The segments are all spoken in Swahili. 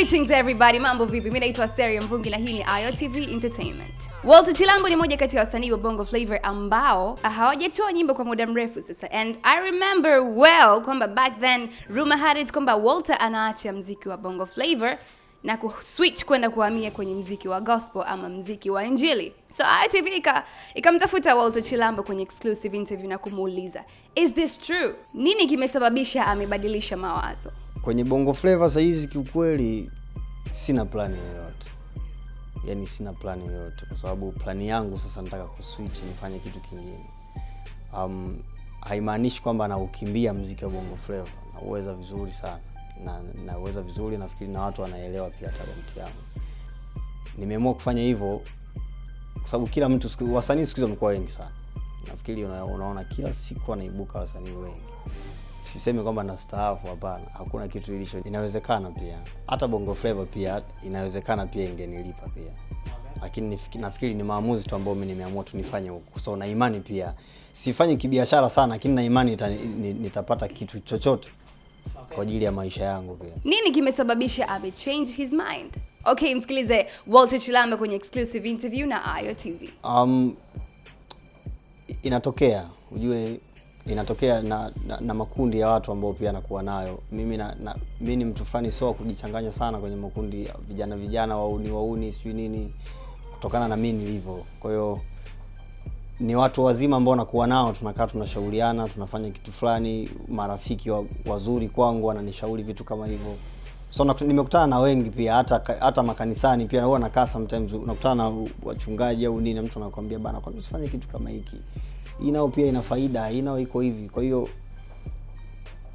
Greetings everybody, mambo vipi? Mimi naitwa Seria Mvungi na hii ni Ayo TV Entertainment. Walter Chilambo ni moja kati ya wasanii wa Bongo Flavor ambao ah, hawajatoa nyimbo kwa muda mrefu sasa. And I remember well kwamba back then rumor had it kwamba Walter anaacha mziki wa Bongo Flavor na kuswitch kwenda kuhamia kwenye mziki wa gospel ama mziki wa injili. So TV ikamtafuta Walter Chilambo kwenye exclusive interview na kumuuliza, "Is this true? Nini kimesababisha amebadilisha mawazo?" Kwenye bongo flava sahizi kiukweli sina plani yoyote, yani sina plani yoyote kwa sababu plani yangu sasa nataka kuswitch nifanye kitu kingine. Um, haimaanishi kwamba naukimbia mziki wa bongo flava, nauweza vizuri sana na nauweza vizuri, nafikiri na watu wanaelewa pia talenti yangu. Nimeamua kufanya hivyo kwa sababu kila mtu, wasanii siku hizi wamekuwa wengi sana, nafikiri una, unaona kila siku anaibuka wasanii wengi sisemi kwamba nastaafu, hapana, hakuna kitu ilicho inawezekana. Pia hata bongo flava pia inawezekana, pia ingenilipa pia, lakini nafikiri ni maamuzi tu ambayo mimi nimeamua tu nifanye huku, So na imani pia, sifanyi kibiashara sana, lakini na imani nitapata kitu chochote kwa ajili ya maisha yangu pia. Nini kimesababisha ame change his mind? Okay, msikilize Walter Chilambe kwenye exclusive interview na Ayo TV. Um, inatokea ujue inatokea na, na, na makundi ya watu ambao pia anakuwa nayo mimi na, na, mi ni mtu fulani sio kujichanganya sana kwenye makundi vijana vijana wauni wauni sijui nini kutokana na mi nilivyo kwa hiyo ni watu wazima ambao nakuwa nao tunakaa tunashauriana tunafanya kitu fulani marafiki wa, wazuri kwangu wananishauri vitu kama hivyo so nimekutana na wengi pia hata hata makanisani pia huwa nakaa sometimes unakutana na wachungaji au nini mtu anakuambia bana kwani usifanye kitu kama hiki hii nao pia ina faida, hii nao iko hivi. Kwa hiyo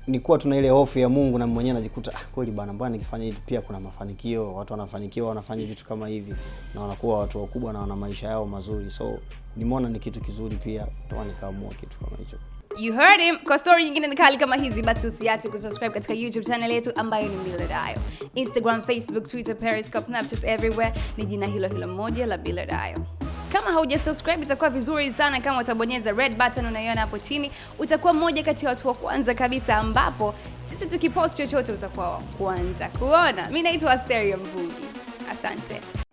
ni kuwa tuna ile hofu ya Mungu na mwenyewe anajikuta ah, kweli bana, mbona nikifanya hivi pia kuna mafanikio, watu wanafanikiwa, wanafanya vitu kama hivi na wanakuwa watu wakubwa na wana maisha yao mazuri, so nimeona ni kitu kizuri pia, toa nikaamua kitu kama hicho. You heard him. Kwa story nyingine ni kali kama hizi, basi usiache kusubscribe katika YouTube channel yetu ambayo ni Millard Ayo. Instagram, Facebook, Twitter, Periscope, Snapchat everywhere ni jina hilo hilo moja la Millard Ayo. Kama hauja subscribe itakuwa vizuri sana kama utabonyeza red button unaiona hapo chini, utakuwa mmoja kati ya watu wa kwanza kabisa, ambapo sisi tukipost chochote utakuwa wa kwanza kuona. Mimi naitwa Asteria Mvungi, asante.